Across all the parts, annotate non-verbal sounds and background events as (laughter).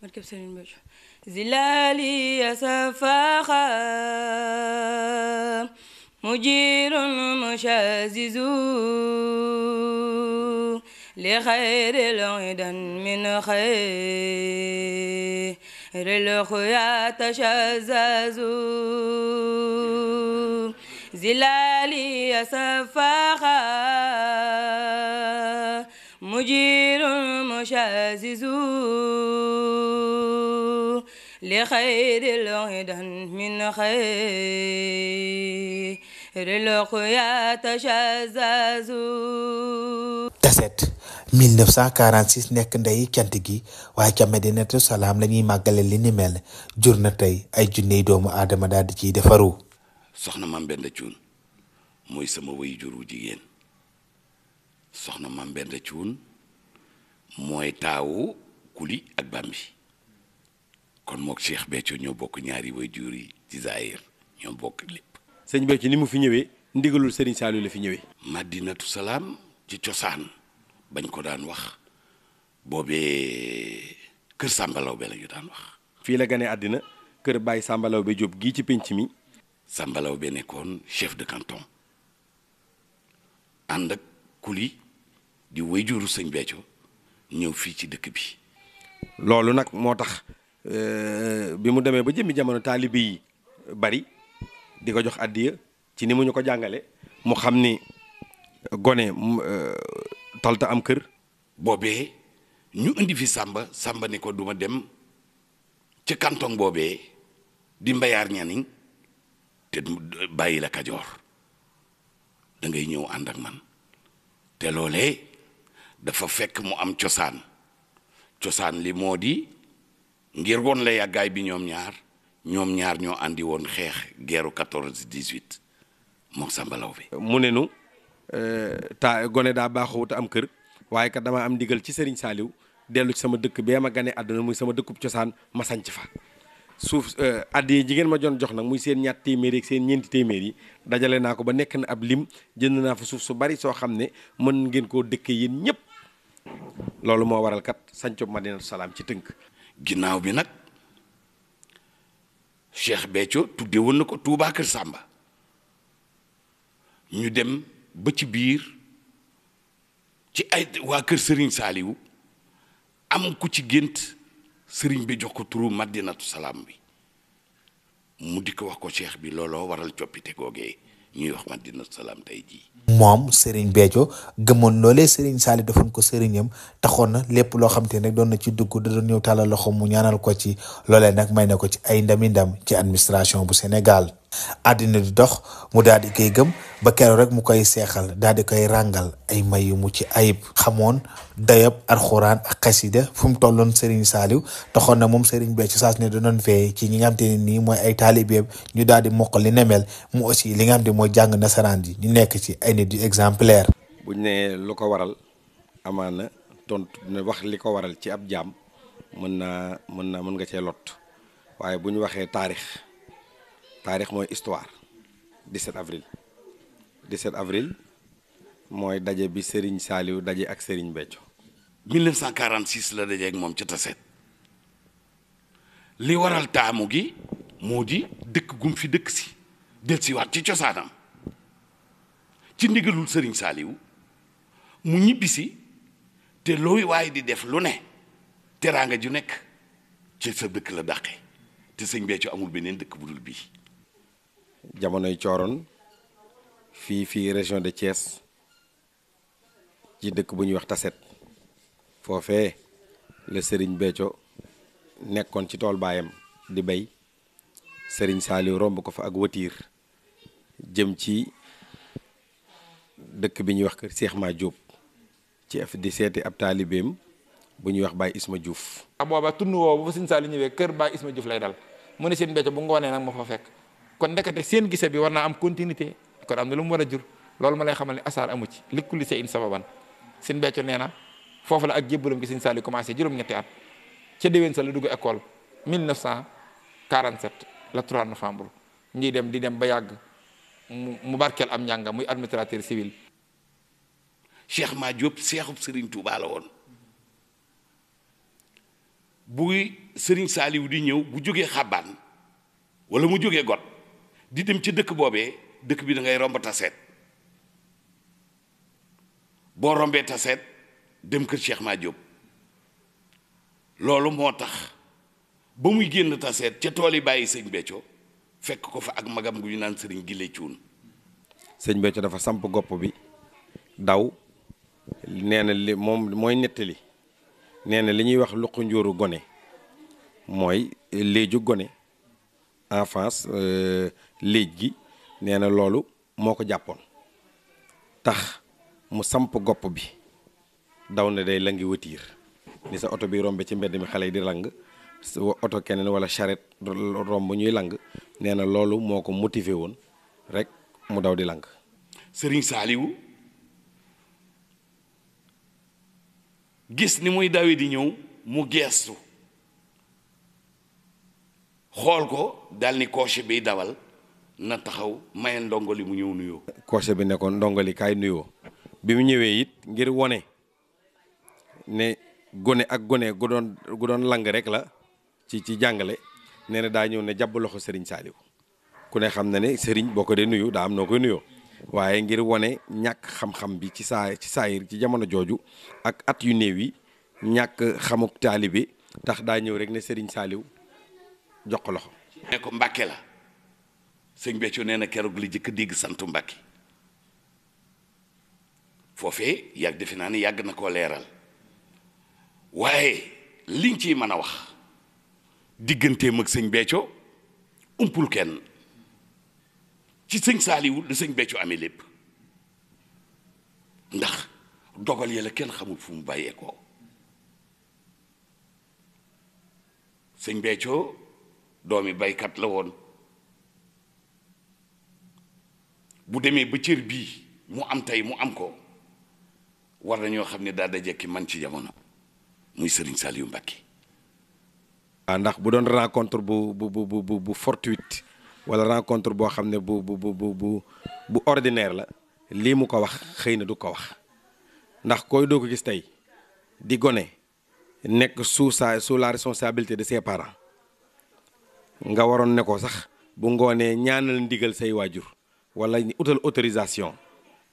barkeb Sëriñ Béthio zilali asafaxa mujirun mushazizu li xayril idan min xayril xuya tashazazu zilali asafaxa مجير مشازز لخير الهدى من خير القيا تشازز kaset 1946 nekk ndey cant gi waaye ca Medinatu Salaam la ñuy màggale li ni mel jur na tey ay junney doomu aadama daal di ciy defaru soxna Mame Benda Thioune mooy sama wayu juru jigéen soxna Mame Mbenda mooy taawu Kuli ak Bambi kon mook Cheikh Béthio ñoo bokk ñaari waajur yi ci Zahir ñoo bokk lépp. sëñ Béthio ni mu fi ñëwee ndigalul sëriñ Saliou la fi ñëwee. Madinatu Salaam ci cosaan bañ ko daan wax boobee kër Sambalaw be la daan wax. fii la gane àddina kër Baye Sambalaw be Diop gii ci penc mi. Sambalaw be nekkoon chef de canton ànd kuli di way juru sëñ Béthio ñëw fii ci dëkk bi loolu nag moo tax euh, bi mu demee ba jëmmi jamono taalibe yi bari di ko jox addiya ci ni mu ñu ko jàngale mu xam ni gone euh, talta am kër boobee ñu indi fi sàmba sàmba ni ko duma dem ci canton boobee di mbayaar ñaniñ te bàyyi la kajoor da ngay ñëw ànd ak man te loolee dafa fekk mu am cosaan cosaan li moo di ngir woon la yàggaay bi ñoom ñaar ñoom ñaar ñoo àndi woon xeex guerru 14 18 moom Samba Laobé bi mu ne nu euh, ta gone daa baaxawut am kër waaye kat damaa am ndigal ci Serigne saaliw dellu ci sama dëkk bee ma gane àdduna muy sama dëkkub cosaan ma sanc fa suuf eh, addi ji ngeen ma doon jox nag muy seen ñatt téeméer yi seen ñeenti téeméer yi dajale naa ko ba nekk na ab lim jënd naa fa suuf su bari soo xam ne mën ngeen koo dëkkee yéen ñëpp loolu moo waral kat sancub Madinatu Salaam ci tënk. ginnaaw bi nag Cheikh Béthio tudde woon na ko tuubaa Kër sàmba ñu dem ba ci biir ci ay waa Kër Serigne Saliou am ku ci gént. sëriñ bi jox ko turu madinatu salaam bi mu dikk wax ko cheikh bi looloo waral coppite googee ñuy wax madinatu salaam tey jii. moom Serigne beejo gëmoon loole Serigne Saliou defoon ko sëriñam taxoon na lépp loo xam te ne doon na ci dugg da doon ñëw tàllal loxo mu ñaanal ko ci loolee nag may ko ci ay ndami ndam ci administration bu Sénégal. àddina di dox mu daal di koy gëm ba keroog rek mu koy seexal daal di koy ràngal ay may yu mu ci ayib xamoon dayab alxuraan ak xasida fu mu tolloon Serigne Saliou taxoon na moom Serigne Béthio saa su ne danoon fee ci ñi nga xam te ne nii mooy ay taalibeem ñu daal di mokk li nemel mu aussi li nga xam te mooy jàng nasaraan ji ñu nekk ci ay nit yu exemplaire. buñ nee lu ko waral amaana tontu ne wax li ko waral ci ab jaam mën na mën naa mën nga cee lot waaye bu ñu waxee taarix. taarix mooy histoire 17 avril 17 avril mooy daje bi sëriñ Saliou daje ak Serigne Béthio 1946 la dajeeg moom ci taseet li waral taamu gi moo di dëkk gum fi dëkk si del si waat ci cosaanam ci ndigalul Serigne saaliw mu ñibbisi te looy waaye di def lu ne teraanga ju nekk ci sa dëkk la dàqe te sëñ Béthio amul beneen dëkk bu bii jamonoy cooron fii fii région de Thiès ci dëkk bu ñuy wax Taset foofee la sëriñ Béthio nekkoon ci tool baayam di bay sëriñ saali romb ko fa ak watiir jëm ci dëkk bi ñuy wax kër seex Ma Diop ci af di seeti ab taalibeem bu ñuy wax Baye Isma Diouf. a ah, booba tund woowu bu Serigne Saliou ñëwee kër Baye Isma Diouf lay dal mu ne seen Béthio bu ngoonee nag moo fa fekk. kon ndekete seen gise bi war naa am continuité kon am na lu mu war a jur loolu ma lay xamal ne asaar amu ci li kulli shay'in sababan sin beccu nee na foofu la ak jébbalam gi sin saali commencé juróom-ñetti at ca déwén sa la dugg école 1947 la 3 novembre ñuy dem di dem ba yàgg mu barkel am njàngam muy administrateur civil Cheikh Madiop seexub Serigne Touba la woon bu Serigne Saliou di ñëw bu jógee xabaan wala mu jógee got di dem ca dëkk boobee dëkk bi da ngay romb taseet boo rombee taseet dem kër Cheikh Ma Diop loolu moo tax ba muy génn taseet ca tool yi bàyyi sëñ Béthio fekk ko fa ak magam gu ñu naan sëriñ Gile Cuun sëñ Béthio dafa samp gopp bi daw nee na li moom mooy nettali nee na li ñuy wax luqu njóoru gone mooy léeju gone en face euh, léej gi nee na loolu moo ko jàppoon tax mu samp gopp bi daw na day langi watiir ni sa oto bi rombe ci mbedd mi xale yi di lang oto keneen wala charrette romb ñuy lang nee na loolu moo ko motivé woon rek mu daw di lang sëriñ saaliwu gis ni muy dawe di ñëw mu geestu xool ko daal ni coche bi dawal na taxaw maye ndongo li mu ñëw nuyoo. coche bi nekkoon ko ndongo kaay nuyoo bi mu ñëwee it ngir wone ne gone ak gone gu doon gu doon lang rek la ci ci jàngale nee na daa ñëw ne jàpp loxo Serigne Saliou ku ne xam ne ne sëriñ boo ko dee nuyu daa am noo koy nuyoo. waaye ngir wane ñàkk xam-xam bi ci saa ci saayir ci jamono jooju ak at yu néew yi ñàkk xamuk taalibe tax daa ñëw rek ne sëriñ saaliw jox ko loxo. ne ko Mbàkke la sëñ Béthio nee na keroog li jëkk dégg santu Mbàkke foofe yàgg defe naa ni yàgg na koo leeral waaye liñ ciy mën a wax digganteem ak sëñ Béthio umpul kenn ci sëñ Saaliwu la sëñ Béthio amee lépp ndax dogal ya kenn xamul fu mu bàyyee ko sëñ doomi baykat la woon bu demee ba cër bii mu am tey mu am ko war nañoo xam ne daal da jekki man ci jamono muy Serigne Saliou Mbacké waaw ah, ndax bu doon rencontre bu bu bu bu bu wala rencontre boo xam ne bu bu bu ordinaire la lii mu ko wax xëy na du ko wax ndax koy doo ko gis tey di gone nekk sous saa sous la responsabilité de ses parents nga waroon ne ko sax bu ngoonee ñaanal ndigal say waajur wala utal autorisation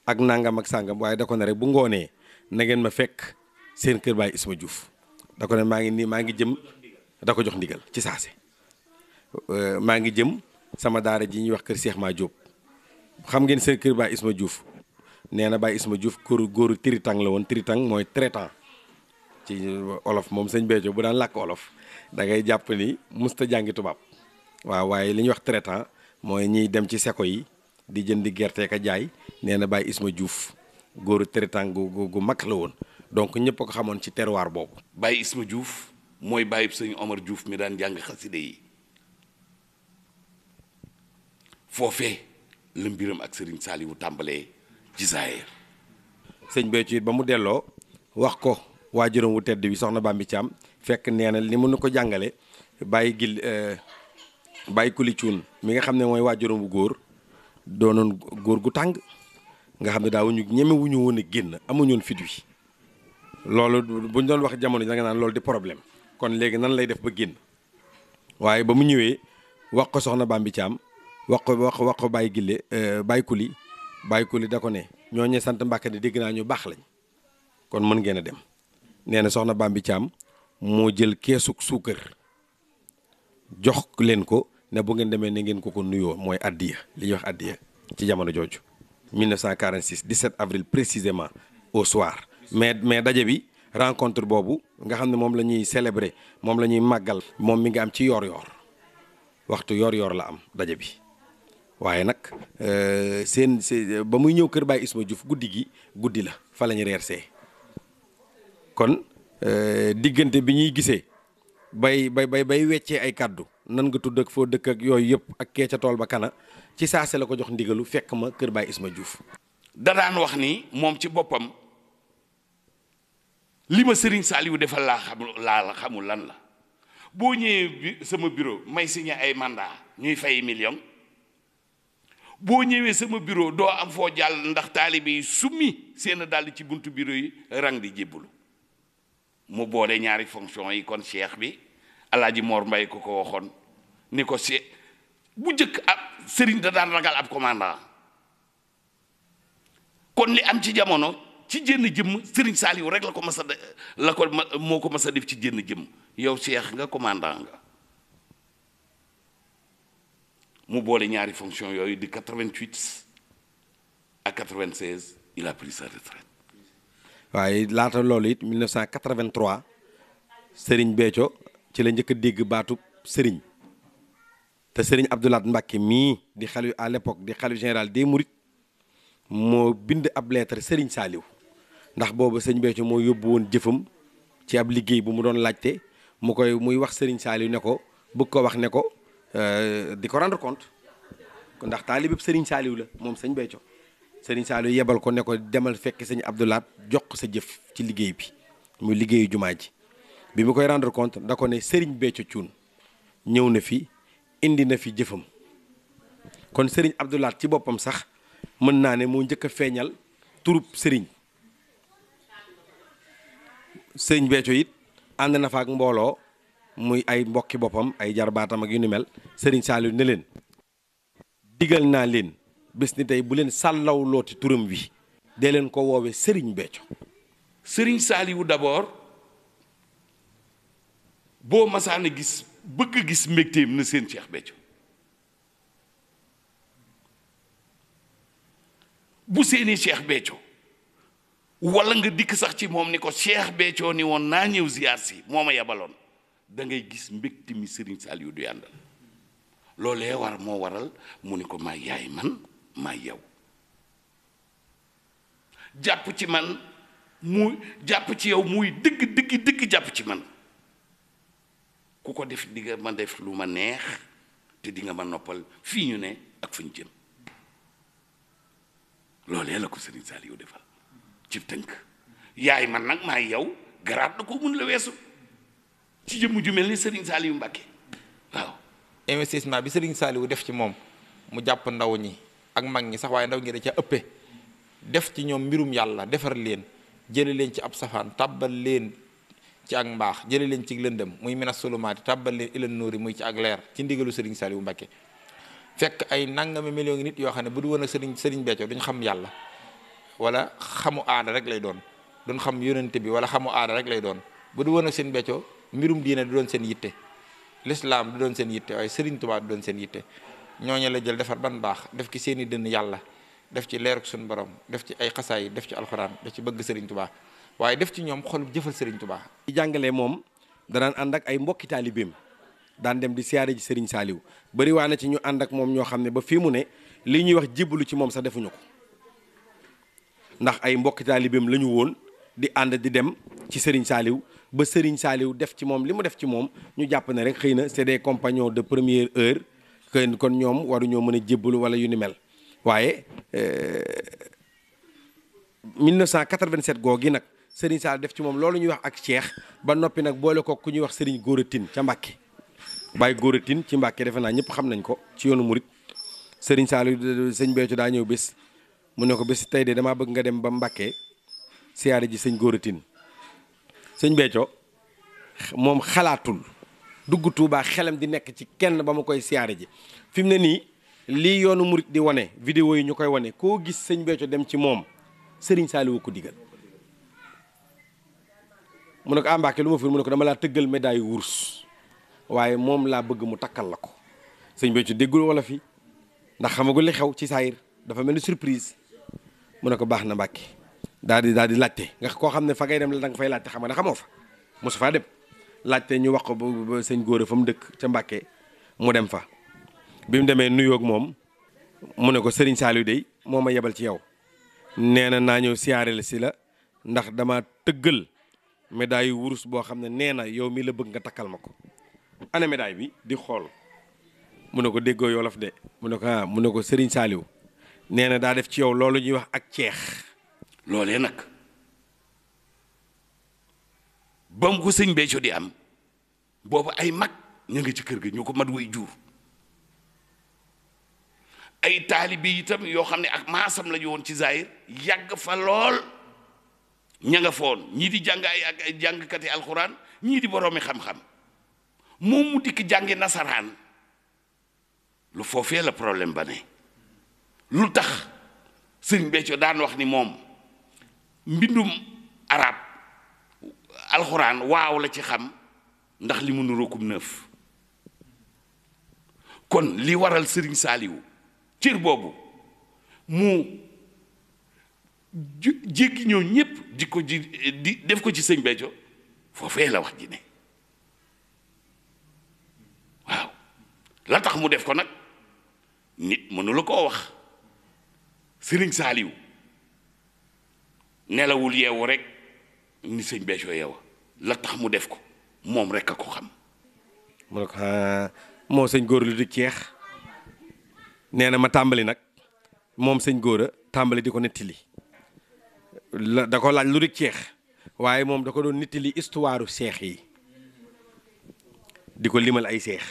ak nangam ak sàngam waaye da ko ne rek bu ngoonee na ngeen ma fekk seen kër baay Isma Diouf da ko ne maa ngi nii maa ngi jëm da ko jox ndigal ci saase euh, maa ngi jëm sama daara ji ñuy wax kër seex Ma Diop xam ngeen seen kër baay Isma Diouf nee na baay Isma Diouf góoru góoru tiritang la woon tiritang mooy traitant ci olof moom sëñ Béthio bu daan làkk olof da ngay jàpp ni musta jàngi tubaab waaw waaye li ñuy wax traitant ah, mooy ñiy dem ci seko yi di jëndi gerte ka jaay nee na Baye Isma Diouf góoru traitant gu gu mag la woon donc ñëpp a ko xamoon ci terwaar boobu. Baye Isma Diouf mooy Baye sëñ Omar juuf mi daan jàng xaside yi foofe la mbiram ak saali wu tàmbalee ci Zaire. sëñ Béthio it ba mu delloo wax ko waajuram wu tedd wi soxna baam Bambi Thiam fekk nee na ni mu nu ko jàngale bàyyi gil. Euh, bàyyi kuli cuun mi nga xam ne mooy waajuram bu góor doonoon góor gu tàng nga xam ne daawuñu ñemewuñu woon a génn amuñoon fit wi loolu buñ doon wax jamono ji da naan loolu di problème kon léegi nan lay def ba génn waaye ba mu ñëwee wax ko soxna Bambi Thiam wax ko wax wax bàyyi Baye Gille euh, Baye Kuli Baye Kuli da ko ne ñoo ñooñu sant Mbàkke di dégg naa ñu baax lañ kon mën ngeen a dem nee na soxna Bambi Thiam moo jël keesug suukar jox leen ko ne bu ngeen demee ni ngeen ko ko nuyoo mooy addiya li ñuy wax addiya ci jamono jooju 1946 17 avril précisément au soir mais mais daje bi rencontre boobu nga xam ne moom la ñuy célébrer moom la ñuy màggal moom mi nga am ci yoor-yoor waxtu yoor-yoor la am daje bi waaye nag euh, seen seen ba muy ñëw kër Baye Isma Diouf guddi gi guddi la fa la reer reersee kon euh, diggante bi ñuy gisee. bay bay bay bay weccee ay kàddu nan nga tudd ak foo dëkk ak yooyu yëpp ak kee ca tool ba kana ci saase la ko jox ndigalu fekk ma kër Baay Isma Diouf. da daan wax nii moom ci boppam li ma Serigne Saliou defal laa xamul xamul lan la boo ñëwee sama bureau may signé ay mandat ñuy fay million boo ñëwee sama bureau doo am foo jàll ndax taalibe yi summi seen dàll ci buntu bureau yi rang di jébbalu. mu boole ñaari fonction yi kon cheikh bi alaaji Mor Mbay ku ko waxoon ni ko si bu njëkk ab sëriñ da daan ragal ab commandant kon li am ci jamono ci jënn jëmm sëriñ Saaliw rek la ko mas a la ko moo ko mas a def ci génn jëmm yow cheikh nga commandant nga mu boole ñaari fonction yooyu di 88 à 96 il a pris sa waaye laata loolu it 1983 Serigne Béthio ci la njëkk a dégg baatub sëriñ te sëriñ Abdou Lahad Mbacké mii di xalifa à l'époque di xalifa général des Mourides moo bind ab lettre Serigne Saliou ndax boobu sëñ Béthio moo yóbbu woon jëfam ci ab liggéey bu mu doon laajte mu koy muy wax sëriñ Saliou ne ko bëgg ko wax ne ko euh, di ko rendre compte ndax taalibeb Serigne Saliou la moom sëñ Béthio sëriñ Saliou yebal ko ne ko demal fekk sëñ Abdoulaat jox ko sa jëf ci liggéey bi muy liggéeyu jumaa ji bi mu koy rendre compte da ko ne sëriñ Béthio Thioune ñëw na fi indi na fi jëfam kon sëriñ Abdoulaat ci boppam sax mën naa ne moo njëkk a feeñal turub sëriñ sëriñ Béthio it ànd na fa ak mbooloo muy ay mbokki boppam ay jarbaatam ak yu ni mel sëriñ Saliou ne leen digal naa leen bés ni tey bu leen sàllawlooti turam wi de leen ko woowe sëriñ Béthio sëriñ Saliou d'abord boo masaana gis bëgg gis mbégteem na seen Cheikh Béthio bu seeni Cheikh Béthio wala nga dikk sax ci moom ni ko Cheikh Béthio ni woon naa ñëw ziar si moo ma yebaloon da ngay gis mbégte mi sëriñ Saliou du yàndal loolee war moo waral mu ni ko ma yaay man may yow jàpp ci man muy jàpp ci yow muy dëgg dëgg dëgg jàpp ci man ku ko def di nga ma def lu ma neex te di ma noppal fii ñu ne ak fu ñu jëm loolee la ko Serigne Saliou defal ci tënk yaay man nag maay yow garaat na ko mun la weesu ci jëmm ju mel ni Serigne yu Mbacké waaw investissement bi Serigne Saliou def ci moom mu jàpp ndaw ñi ak mag ñi sax waaye ndaw ngi da ca ëppee def ci ñoom mbirum yàlla defar leen jële leen ci ab safaan tàbbal leen ci ak mbaax jële leen ci lëndëm muy mina sulumaati tàbbal leen ilan nuuri muy ci ak leer ci ndigalu sëriñ Saliou Mbacké fekk ay nangami million ngi nit yoo xam ne bu du woon ak sëriñ sëriñ Béthio duñ xam yàlla wala xamu aada rek lay doon duñ xam yónnante bi wala xamu aada rek lay doon bu du woon seen Béthio mbirum diine du doon seen yitte lislaam du doon seen yitte waaye sëriñ Tuubaa du doon seen yitte ñooñu la jël defar ban baax def ci seeni dënn yàlla def ci leeruk suñu borom def ci ay xasaay def ci alxuraan def ci bëgg Serigne Touba waaye def ci ñoom xolub jëfal Serigne Touba. di jàngalee moom danaan ànd ak ay mbokki taalibeem daan dem di siyaare ji Serigne saaliw bëri na ci ñu ànd ak moom ñoo xam ne ba fii mu ne li ñuy wax jébbalu ci moom sax defuñu ko ndax ay mbokki taalibeem la ñu woon di ànd di dem ci Serigne Saliou ba Serigne Saliou def ci moom li mu def ci moom ñu jàpp ne rek xëy na c'est des compagnons de première heure. kenn kon ñoom waruñoo mën a jébbalu wala yu ni mel waaye 1987 euh, googi nag Serigne Sall def ci moom loolu ñuy wax ak Cheikh ba noppi nag boole ko ku ñuy wax Serigne Góoratin ca Mbàkke Baye Góoratin ci Mbàkke defe naa ñëpp xam nañ ko ci yoonu murit sëriñ Sall sëñ Béthio daa ñëw bés mu ne ko bés tey de damaa bëgg nga dem ba Mbàkke siyaare ji sëñ Góoratin sëñ Béthio moom xalaatul dugg Touba xelam di nekk ci kenn ba mu koy siyaare ji fi mu ne nii lii yoonu murit di wane vidéo yi ñu koy wone koo gis sëñ Béthio dem ci moom Serigne Saliou ko digal mu ne ko ah Mbàkke lu ma fi mu ne ko dama laa tëggal médaille wurus waaye moom laa bëgg mu takkal la ko sëñ Béthio déggul wala fi ndax xamagul li xew ci saayir dafa mel ni surprise mu ne ko baax na Mbàkke daal di daa di laajte nga koo xam ne fa ngay dem la da nga fay laajte xam nga ne xamoo fa mosu faa laajte ñu wax ko ba ba sëñ fa mu dëkk ca Mbàkke mu dem fa bi mu demee nuyook moom mu ne ko sëriñ Saliou dey moo ma yebal ci yow nee na naa ñëw siyaare la si la ndax dama tëggal médaille wurus boo xam ne nee na yow mii la bëgg nga takkal ma ko ana médaille bi di xool mu ne ko déggoo yolof de mu ne ko ah mu ne ko sëriñ saaliw nee na daa def ci yow loolu ñuy wax ak ceex loolee nag ba mu ko sëñ Béthio di am boobu ay mag ñu ngi ci kër gi ñu ko mat woy juur ay taalibe itam yoo xam ne ak maasam lañu woon ci Zahir yàgg fa lool ña nga foon ñii di jàng ay ak ay jàngkati alxuraan ñii di boroomi xam-xam moom mu dikk jàngi nasaraan lu foofee la problème ba ne lu tax sëñ Béthio daan wax ni moom mbindum arab alxuraan waaw la ci xam ndax li mu nurookub neuf kon li waral sëriñ saaliwu cër boobu mu jéggi ñëw ñépp di ko ji di def ko ci sëñ Béthio foofee la wax ji waaw la tax mu def ko nag nit mënu la koo wax sëriñ saaliw nelawul yeewu rek ni sëñ Béthio yow la tax mu def ko moom rek a ko xam. mu ah, moo sëñ góor lu di ceex nee na ma tàmbali nag moom sëñ góor tàmbali di ko nettali li da ko laaj lu di ceex waaye moom da ko doon li histoire seex yi di ko limal ay seex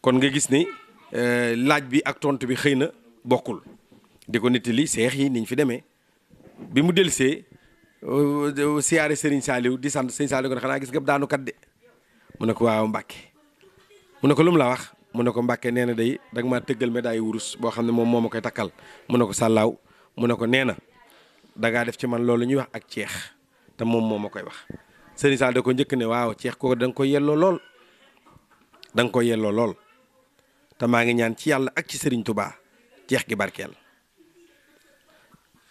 kon nga gis ni eh, laaj bi ak tontu bi xëy na bokkul di ko li seex yi niñ fi demee bi mu delsee Euh, euh, siyaare Serigne Saliou di sant Serigne Saliou ko ne xanaa gis nga daanu kat de mu ne ko waaw Mbacke mu ne ko lu mu la wax mu ne ko Mbacke nee na day da nga maa tëggal médaille wurus boo xam ne moom moo ma koy takkal mu ne ko sàllaaw mu ne ko nee na da ngaa def ci man loolu ñuy wax ak ceex te moom moo ma koy wax Serigne Saliou da ko njëkk ne waaw ceex kooku danga nga koy yelloo lool danga nga koy yelloo lool te maa ngi ñaan ci yàlla ak ci Serigne tubaa ceex gi barkeel.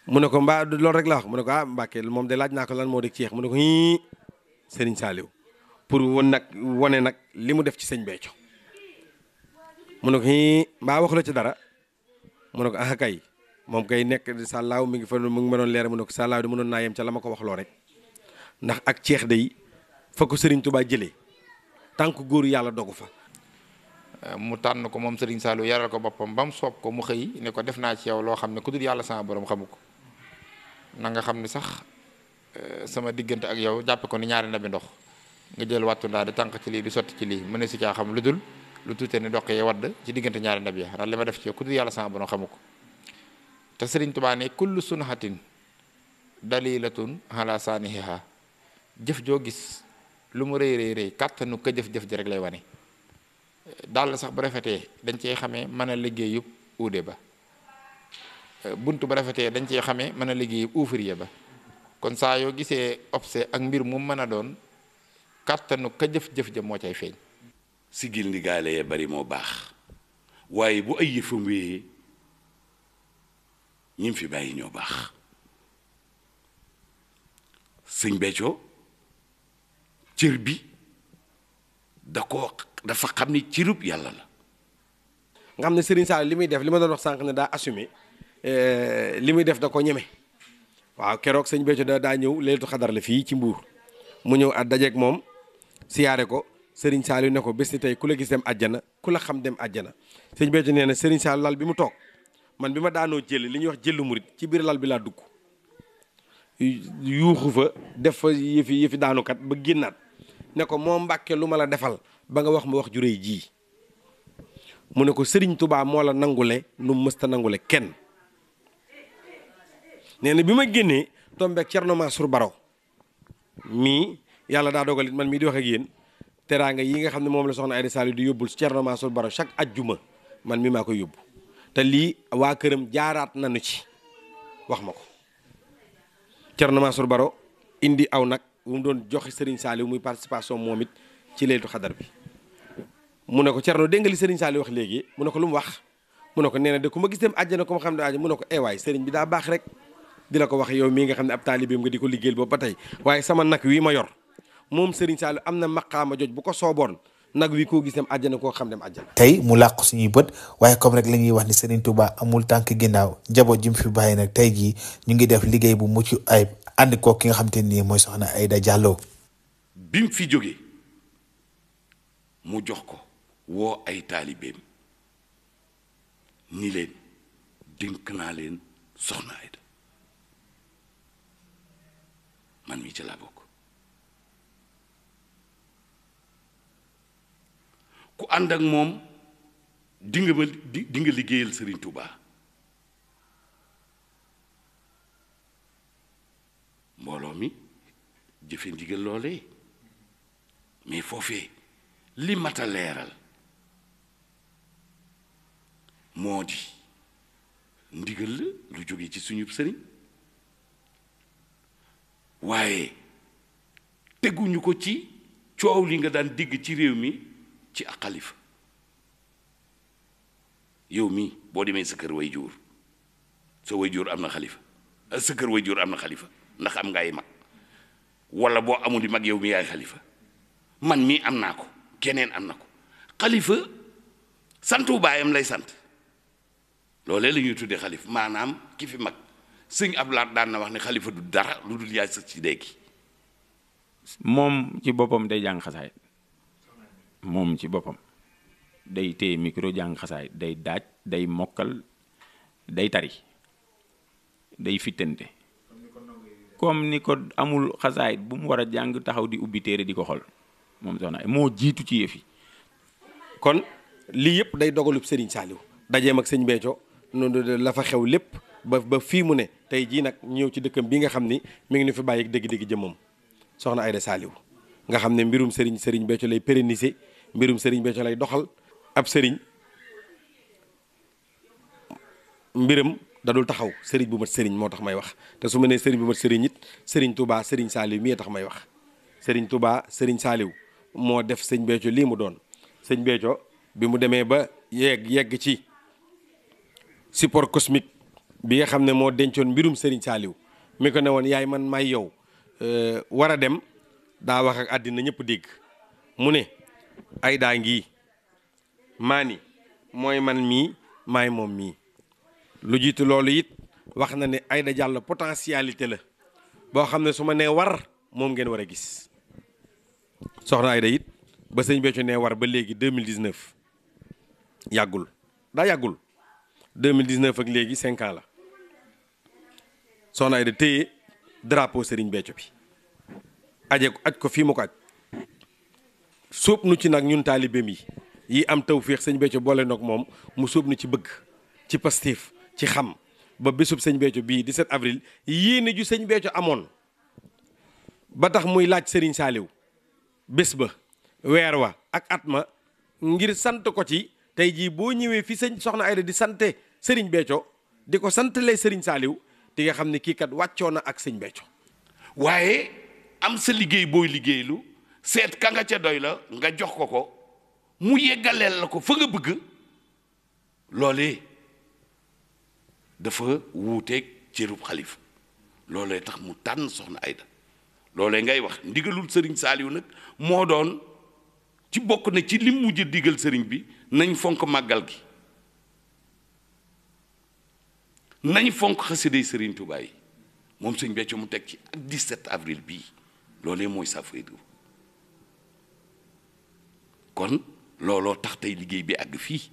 mu ne ko mbaa loolu rek la wax mu ne ko ah Mbàkke moom de laaj naa ko lan moo di ceex mu ne ko hii Serigne pour won nag wone nag li mu def ci sëñ Béthio mu ne ko hii mbaa waxu la ci dara mu ne ko ah kay moom kay nekk sàllaaw mi ngi fa mu ngi ma doon leer mu ne ko sàllaaw di mënoon naa yem ca la ma ko wax loo rek ndax ak ceex day fokk sëriñ tubaa Touba tànk góor yàlla dogu fa. mu tànn ko moom Serigne Saliou yaral ko boppam ba mu soob ko mu xëy ne ko def naa ci yow loo xam ne ku yàlla sama boroom xamu ko. nanga xam ni sax eh, sama diggante ak yow jàppe ko ni ñaari ndabi ndox nga jël wattu ndaa di tànk ci lii di sotti ci lii mën na si caa xam lu dul lu tuute ni doq yi wadd ci diggante ñaari ndab ya ndax li ma def ci ku dul yàlla sama borom xamu ko te sëriñ Tuubaa ne kullu sunhatin dalilatun ala saanihiha jëf joo gis lu mu rëy rëy rëy kàttanu ka jëf-jëf ji rek lay wane daal sax bu rafetee dañ cey xamee mën a liggéeyub uude ba bunt ba rafetee dañ cee xamee mën a liggéey ouvrier ba kon saa yoo gisee obse ak mbir mu mën a doon kàttanu ka jëf-jëf ja moo cay feeñ sigil ndi gaale yee bari moo baax waaye bu ay yëfam wéyee ñim fi bàyyi ñoo baax sëñ Béthio cër bi da ko dafa xam ni cërub yàlla la nga xam ne Serigne Sall li muy def li ma doon wax sànq ne daa assumer Euh, li muy def da ko ñeme waaw keroog sëñ Béthio da daa ñëw leeltu xadar la fii ci mbuur mu ñëw at dajeeg moom siyaare ko sëriñ Saliou ne ko bés ni tey ku la gis dem àjjana ku la xam dem àjjana sëñ Béthio nee na Serigne Saliou lal bi mu toog man bi ma daanoo jël li ñuy wax jëllu murit ci biir lal bi laa dugg yuuxu fa def fa yëfi yëfi daanukat ba génnaat ne ko moo mbàkke lu ma la defal ba nga wax ma wax ju jii mu ne ko sëriñ Touba moo la nangule lu mu mësta nangule kenn nee na bi ma génnee tombeek Thierno Mansour Baro mii yàlla daa dogal it man mii di wax ak yéen teraanga yi nga xam ne moom la soxna Aida Saliou di yóbbul Thierno Mansour Baro chaque juma man mii maa koy yóbbu te lii waa këram jaaraat nañu ci wax ma ko Thierno Mansour Baro indi aw nag wu mu doon joxe Serigne saali muy participation moom it ci leetu xadar bi mu ne ko Thierno dégg nga li Serigne Saliou wax léegi mu ne ko lu mu wax mu ne ko nee na ku ma gis dem àjjana ko xam ne àjjana mu ne ko eewaay eh Serigne bi daa baax rek dina ko wax yow mii nga xam ne ab taalibeem nga di ko liggéeyal boobu ba tey waaye sama nag wi ma yor moom Serigne Saliou am na maqaama joj bu ko sooboon nag wi koo gis dem àjjana koo xam dem àjjana tey mu làqu suñuy bët waaye comme rek la ñuy wax ni Serigne Touba amul tànk ginnaaw njaboot ji mu fi bàyyi nag tey jii ñu ngi def liggéey bu mucc ayib ànd ko ki nga xam te nii mooy soxna Aïda Diallo bi fi jógee mu jox ko woo ay taalibeem ni leen dénk naa leen soxna Aïda man mii ci laa bokk ku ànd ak moom di nga ma di nga liggéeyal Sëriñ tubaa mbooloo mi jëfe ndigal loolee mais foofee li mat leeral moo di ndigal la lu jóge ci suñu sëriñ waaye teguñu ko ci coow li nga daan digg ci réew mi ci ak xalifa yow mii boo demee sa kër way jur sa way jur am na xalifa ah, sa kër way jur am na xalifa ndax am nga ay mag wala boo amul yi mag yow mi yaay xalifa man mii am naa ko keneen am na ko xalifa santu baayam lay sant loolee la tudde tuddee xalif maanaam ki fi mag sëñ ab Lahad daan na wax ne xalifa du dara lu dul yaay sax ci déggi moom ci boppam day jàng xasaay moom ci boppam day téye micro jàng xasaay day daaj day mokkal day tari day fittante comme ni ko amul xasaay bu mu war a jàng taxaw di ubbi téere di ko xool moom soxna moo jiitu ci yëf kon lii yëpp day dogalub Serigne Saliou dajeem ak sëñ Béthio la fa xew lépp ba ba fii mu ne tey jii nag ñëw ci dëkkam bi nga xam ni mi ngi nu fi bàyyi dégg-dégg jëmmam soxna Aida Saliou nga xam ne mbirum sëriñ sëriñ Béthio lay pérenniser mbirum sëriñ Béthio lay doxal ab sëriñ mbiram dadul taxaw sëriñ bu mat sëriñ moo tax may wax te su ma nee sëriñ bu mat sëriñ it sëriñ Touba sëriñ Saliou mii tax may wax sëriñ Touba sëriñ saaliw moo def sëñ Béthio lii mu doon sëñ Béthio bi mu demee ba yegg yegg ci support cosmique bi nga xam ne moo dencoon mbirum Serigne Saliou mi ko ne woon yaay man may yow euh, war a dem daa wax ak àddina ñëpp dégg mu ne aydaa daa ngi maani mooy man mii maay moom mii lu jiitu loolu it wax na ne Aïda jàll potentialité la boo xam ne su ma nee war moom ngeen war a gis soxna Aïda it ba sëñ Béthio nee war ba léegi 2019 yàggul daa yàggul mille 2019 ak léegi cinq la soxna Aida téye drapeau Serigne Béthio bi aje ko aj ko fii mu ko aj sóob nu ci nag ñun taalibeem yi yi am tawféex sëñ Béthio boole noog moom mu sóob nu ci bëgg ci pastéef ci xam ba bésub sëñ Béthio bii di 17 avril yéene ju sëñ Béthio amoon ba tax muy laaj sëriñ saaliw bés ba weer wa ak at ma ngir sant ko ci tey jii boo ñëwee fi sëñ soxna Aida di sante Serigne Béthio di ko sant santalee sëriñ saaliw di nga xam ne kii kat wàccoo na ak sëñ Béthio waaye am sa liggéey booy liggéeylu seet ka nga ca doy la nga jox ko ko mu yeggaleel la ko fa nga bëgg loolee dafa wuuteeg cërub xalifa loolee tax mu tànn soxna Ayda loolee ngay wax ndigalul sëriñ Saaliw nag moo doon ci bokk na ci lim mujj digal sëriñ bi nañ fonk màggal gi nañ fonk xasiday Serigne Touba moom sëñ Béthio mu teg ci ak 17 avril bii loolee mooy sa faydu kon looloo tax tey liggéey bi àgg fii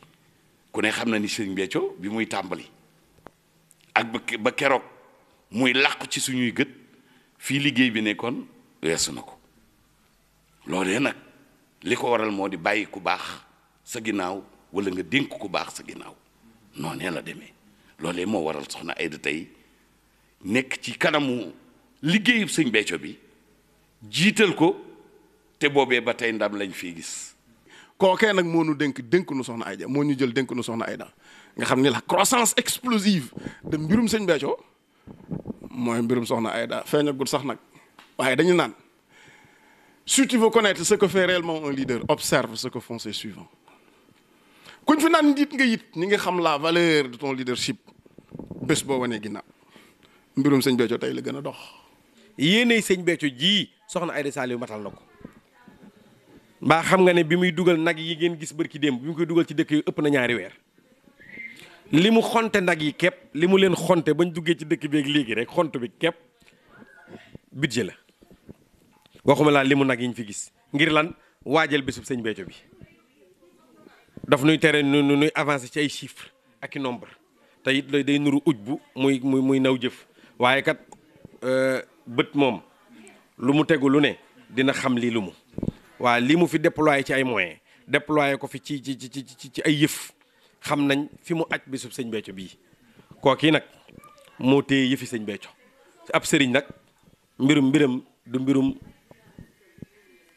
ku ne xam na ni sëñ Béthio bi muy tàmbali ak ba keroog muy làqu ci suñuy gët fii liggéey bi nekkoon weesu na ko loolee nag li ko waral moo di bàyyi ku baax sa ginnaaw walla nga dénk ku baax sa ginnaaw noonee la demee loolee moo waral soxna Aida tey nekk ci kanamu liggéeyu sëñ Béthio bi jiital ko te boobee ba tey ndam lañ fii gis. kookee nag moo nu dënk dénk nu soxna Aida moo ñu jël dénk nu soxna Aida nga xam ne la croissance explosive de mbirum sëñ Béthio mooy mbirum soxna Aida feeñagul sax nag waaye dañu naan si tu veux connaître ce que fait réellement un leader observe ce que font ses kuñ fi naan njiit nga yit ñi nga xam la valeur de ton leadership bés boo wanee ginnaaw mbirum sëñ Béthio tey la gën a dox. yéenay sëñ Béthio ji soxna Aïda Saliou matal na ko mbaa xam nga ne bi muy dugal nag yi ngeen gis bërki démb bi mu koy dugal ci dëkk yi ëpp na ñaari weer li mu xonte nag yi képp li mu leen xonte bañ duggee ci dëkk beeg léegi rek xont bi képp budget la waxuma laa li mu nag yi ñu fi gis ngir lan waajal bésub sëñ Béthio bi. daf nuy tere nu nuy avancé ci ay chiffres ak i nombre te it day nuru uj bu muy muy muy naw jëf waaye kat euh, bët moom lu mu tegu lu ne dina xam lii lu mu waa li mu fi déployé ci ay moyen déployé ko fi ci ci ci ci ay yëf xam nañ fi mu aj bisub sëñ Béthio bii kookii nag moo téye yëfi sëñ Béthio ab sëriñ nag mbirum mbiram du mbirum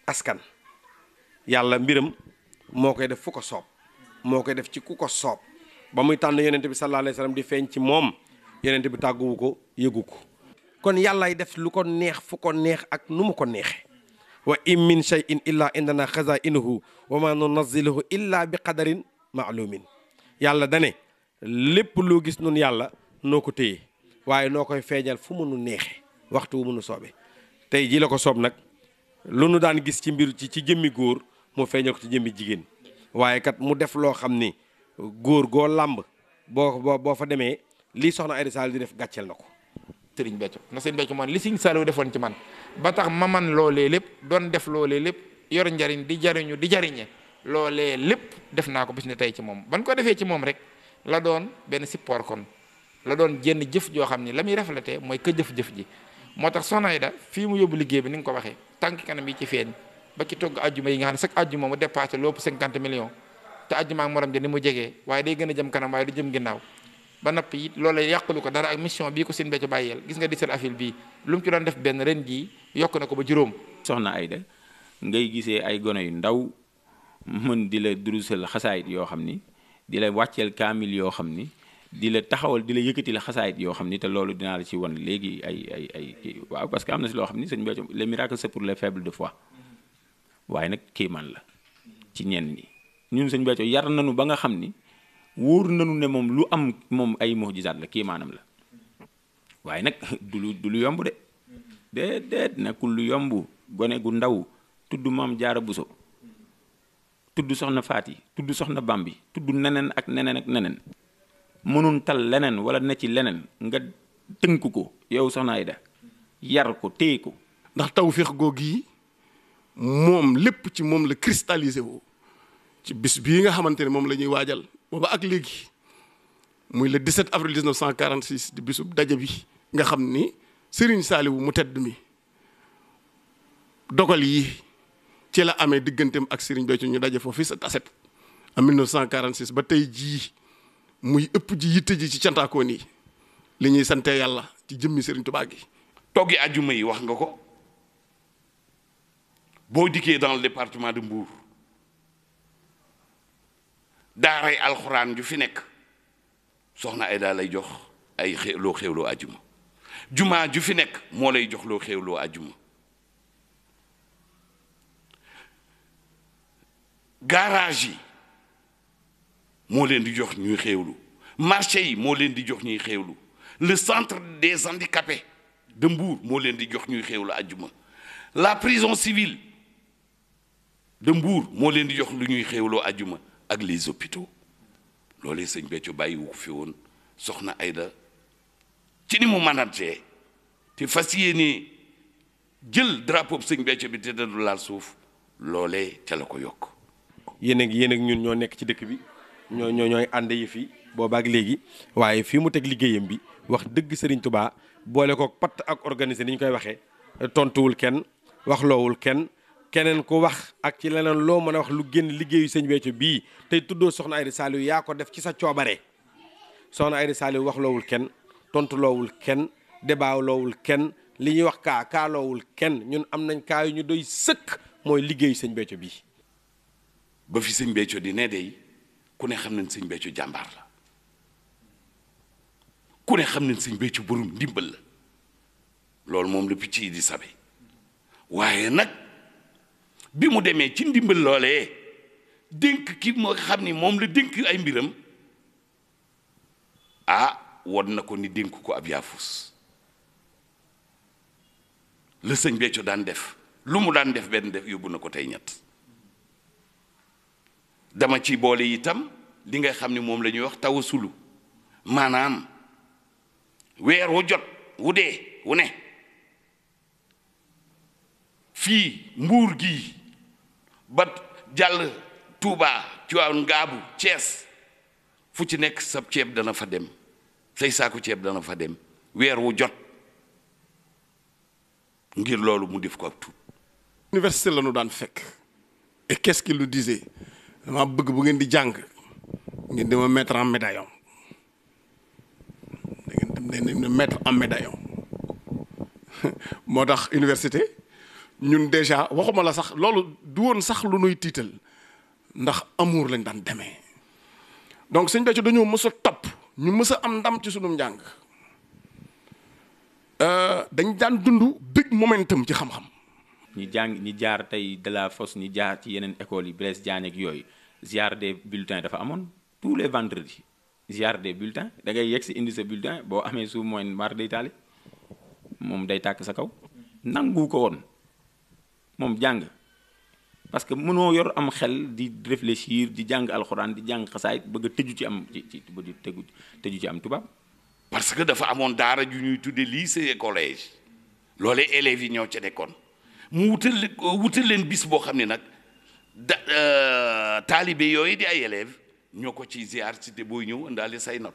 askan yàlla mbiram moo koy def fu ko soob moo koy def ci ku ko soob ba muy tànn yonent bi sallallahu alayhi wa sallam di feeñ ci moom yonent bi tàgguwu ko yëgu ko kon yàllaay def lu ko neex fu ko neex ak nu mu ko neexee wa in min shay'in illa indana xazainuhu wa ma nunazziluhu illa bi qadarin maalumin yàlla dane lépp loo gis nun yàlla noo ko téye waaye noo koy feeñal fu mu nu waxtu wu mu nu tey jii la ko soob nag lu nu daan gis ci mbir ci ci jëmmi góor mu feeñal ko ci jëmmi jigéen waaye kat mu def loo xam ni góor goo làmb boo boo fa demee lii soxna Aida Saliou di def gàcceel na ko. Serigne Béthio na Serigne Béthio man li Serigne Saliou defoon ci man ba tax ma man loolee lépp doon def loolee lépp yor njariñ di jariñu di jariñe loolee lépp def naa ko bis ne tey ci moom ban ko defee ci moom rek la doon benn support kon la doon jenn jëf joo xam ni la muy reflété mooy ka jëf-jëf ji moo tax soxna Aida fii mu yóbbu liggéey bi ni nga ko waxee tànk kanam yi ci feeñ ba ci togg ajjuma yi nga xam ne chaque ajjuma mu dépassé lépp cinquante millions te ajjuma ak morom ja ni mu jegee waaye day gën a jëm kanam waaye du jëm ginnaaw ba noppi it loola yàqulu ko dara ak mission bii ko sin becco bàyyeel gis nga di seen afil bii lu mu ci doon def benn ren jii yokk na ko ba juróom soxna de ngay gisee ay gone yu ndaw mën di la durusal xasaayit yoo xam ni di la wàcceel kaamil yoo xam ni di la taxawal di la yëkkatil xasaayit yoo xam ni te loolu dinaa la ci wan léegi ay ay ay waaw parce que am na si loo xam ni sëñ Béthio de foi waaye nag kéemaan la ci ñenn ñi ñun sëñ Béthio yar nañu ba nga xam ni wóor nañu ne moom lu am moom ay mujizaat la kéemaanam la waaye nag (laughs) du lu du lu yomb de déedéet ku lu yomb gone gu ndaw tudd maam jaara buso tudd soxna faati tudd soxna baam bi tudd neneen ak neneen ak neneen mënun tal leneen wala ne ci leneen nga tënk ko yow soxna Ayda yar ko téye ko ndax tawféex googu yi moom lépp ci moom la cristallisé woo ci bis bii nga xamante ne moom la ñuy waajal booba ak léegi muy le 17 avril 1946 di bisub daje bi nga xam ni Serigne wu mu tedd mi dogal yi ci la amee digganteem ak Serigne Béthio ñu daje foofu sa taset en 1946 ba tey jii muy ëpp ji yitte ji ci cantaakoon yi li ñuy sante yàlla ci jëmmi Serigne Touba gi. toggi àjjuma yi wax nga ko. boo dikkee dans le département de Mbour daaray alxuraan ju fi nekk soxna ay daal lay jox ay xew loo xewloo ajuma jumaa ju fi nekk moo lay jox loo xewloo ajuma garage yi moo leen di jox ñuy xewlu marché yi moo leen di jox ñuy xewlu le centre des handicapés de Mbour moo leen di jox ñuy xewlu ajuma la prison civile de mbuur moo leen di jox lu ñuy xéewloo ajuma ak les hôpitaux loolee sëñ Béthio bàyyiwu ko fi woon soxna ayda ci ni mu manantee te fas yéene jël drapeau sëñ Béthio bi te du laal suuf loolee ca la ko yokk. yéen ak yéen ak ñun ñoo nekk ci dëkk bi ñoo ñoo ñooy ànd yi fii boobaak léegi waaye fii mu teg liggéeyam bi wax dëgg sëriñ Touba boole ko patt ak organiser ni ñu koy waxee tontuwul kenn waxloowul kenn. keneen ku wax ak ci leneen loo mën a wax lu génn liggéeyu sëñ Béthio bii tey tuddoo soxna Aida Saliou yaa ko def ci sa coobare soxna Aida Saliou wax loowul kenn tontu loowul kenn débat kenn li ñuy wax kaa kaaloowul loowul kenn ñun am nañ kaa yu ñu doy sëkk mooy liggéeyu sëñ Béthio bii ba fi sëñ Béthio di ne dey ku ne xam nañ sëñ Béthio jàmbaar la ku ne xam ni sëñ Béthio borom ndimbal la loolu moom lu picc yi di sabe waaye nag bi mu demee ci ndimbal loole dénk ki moo xam ni moom la dénk ay mbiram ah won na ko ni dénk ko ab yaafus la sëñ daan def lu mu daan def benn def yóbbu na ko tey ñett dama ci boole itam li ngay xam ni moom lañuy wax tawasulu maanaam weer wu jot wu dee wu ne fii mbuur gi ba jàll Touba Tiwaawan Ngaabu cees fu ci nekk sa ceeb dana fa dem say saaku ceeb dana fa dem weer wu jot ngir loolu mu def ko ak tuub université la nu daan fekk et qu'est-ce qu'il nous dama bëgg bu ngeen di jàng ngeen dama mettre en médaillon da ngeen dem en médaillon (laughs) moo tax université ñun déjà waxuma la sax loolu du woon sax lu nuy tiital ndax amour lañ daan demee donc sëñ Béthio dañoo mës a topp ñu mës a am ndam ci sunum njàng euh, dañ daan dund big momentum ci xam-xam ñi jàng ñi jaar tey de la fosse ñi jaar ci yeneen écoles yi Blaise Diagne ak yooyu ziar des bulletin dafa amoon tous les vendredis ziar des bulletins da ngay yegg si indi sa bulletin boo amee su moyenne mar day taali moom day tàkk sa kaw nangu ko woon moom jàng parce que mënoo yor am xel di réfléchir di jàng alxuraan di jàng xasaay bëgg a tëju ci am ci ci bëgg tëju ci am tubaab. parce que dafa amoon daara ju ñuy tuddee lii et collège loolee élèves yi ñoo ca nekkoon mu wutal wutal leen bis boo xam ne nag da euh, taalibe yooyu di ay élèves ñoo ko ci ziar cité booy ñëw indaale say not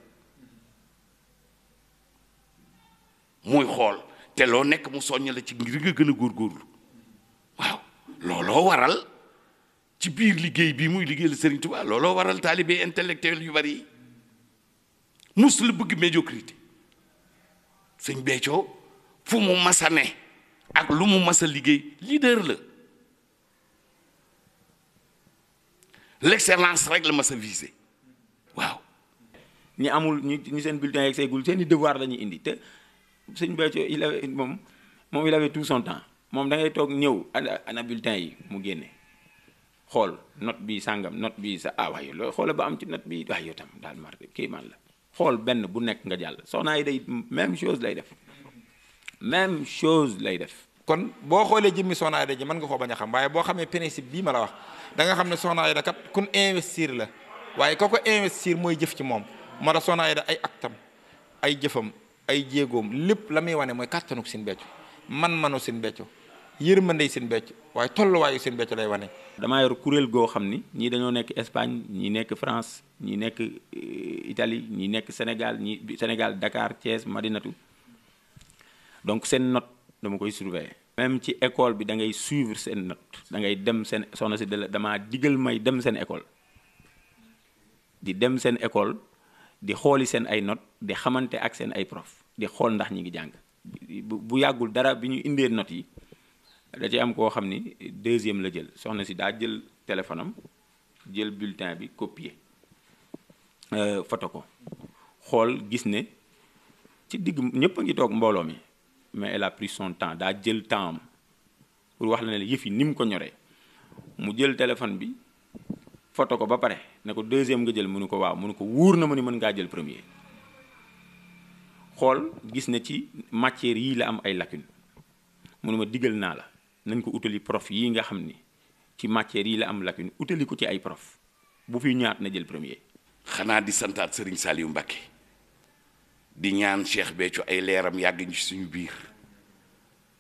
muy xool te loo nekk mu soññ la ci ngir nga gën a góorgóorlu. looloo waral ci biir liggéey bi muy liggéeyal Serigne Touba looloo waral taalibe intellectuel yu bari yi mus la bëgg médiocrité sëñ Béthio fu mu masa ne ak lu mu masa liggéey lider la l'excellence rek la masa visé waaw ñi amul ñu ñu seen bulletin yeeg seegul seen i devoir la indi te sëñ Béthio il avait moom moom il avait tout son temps moom da ngay toog ñëw ana ana bulletin yi mu génne xool not bi sàngam not bi sa ah waaye loo xoola ba am ci not bi waaye yow tam daal mar kii man la xool benn bu nekk nga jàll soxnaa yi day même chose lay def même chose lay def kon boo xoolee jimmi soxna Aida ji mën nga koo bañ a xam waaye boo xamee principe bii ma la wax danga nga xam ne soxna Aida kat kun investir la waaye ko ko investir mooy jëf ci moom moo tax soxna da ay aktam ay jëfam ay jéegoom lépp la muy wane mooy kàttanuk sin man-manu sin beccu yére yërmandey seen becc waaye tolluwaayu seen becc lay wane. damaa yor kuréel goo xam ni ñii dañoo nekk Espagne ñii nekk France ñii nekk euh, itali ñii nekk Sénégal ñii Sénégal Dakar Thiès Madinatu donc seen not dama koy surveiller. même ci école bi da ngay suivre seen note da ngay dem seen soxna si dala damaa digal may dem seen école di dem seen école di xooli seen ay note di xamante ak seen ay prof di xool ndax ñi ngi jàng bu yàggul dara bi ñu indee note yi. da ci am koo xam ni deuxième la jël soxna si daa jël téléphone am jël bulletin bi copier euh, photo ko xool gis ne ci digg ñëpp ngi toog mbooloo mi mais et la pris son temps daa jël temps am pour wax la ne yëf yi ni mu ko ñoree mu jël téléphone bi photo ko ba pare ne ko deuxième nga jël mënu ko waaw mënu ko wóor na ma ni mën ngaa jël premier xool gis ne ci matière yii la am ay lacune mënu ma digal naa la nañ ko utali prof yi nga xam ni ci matière yi la am lacune utali ko ci ay prof bu fi ñaat na jël premier. xanaa di santaat Serigne Saliou Mbacké di ñaan Cheikh Béthio ay leeram yàgg ñu suñu biir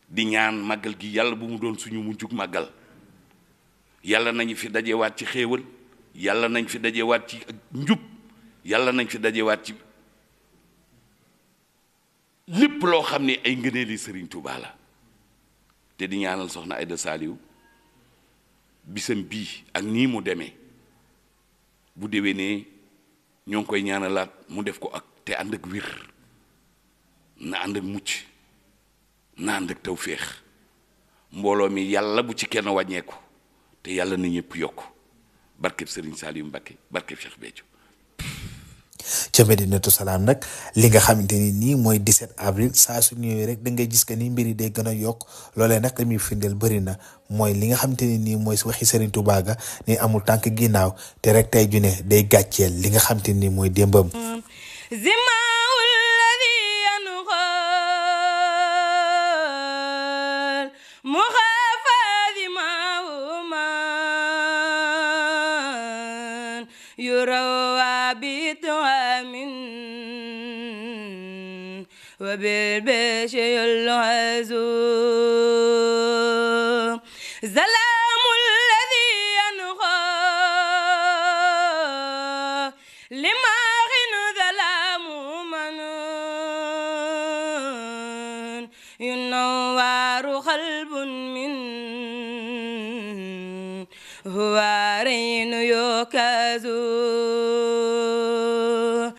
di ñaan màggal gi yàlla bu mu doon suñu mujjug màggal yàlla nañu fi dajewaat ci xéewal yàlla nañ fi dajewaat ci njub yàlla nañ fi dajewaat ci lépp loo xam ne ay ngëneeli Serigne Touba la. te di ñaanal soxna Aida Saliou bisam bii ak nii mu demee bu dewee déwénee ñoo ngi koy ñaanalaat mu def ko ak te ànd ak wir na ànd ak mucc na ànd ak tawféex mbooloo mi yàlla bu ci kenn wàññeeku te yàlla na ñëpp yokk barkeb Serigne Saliou Mbacké barkeb Cheikh Béthio ca Medinatu Salaam nag li nga xamante ni nii mooy di 17 avril saa su ñëwee rek da ngay gis que ni mbir yi day gën a yokk loolee nag li muy firndeel bëri na mooy li nga xamante ni nii mooy waxi Serigne Touba ga ni amul tànk ginnaaw te rek tey ju day gàcceel li nga xamante nii mooy démbam. You're وبالبشر العزوم سلام الذي ينغى لما غن ظلام من ينوار قلب من هو رين يكذب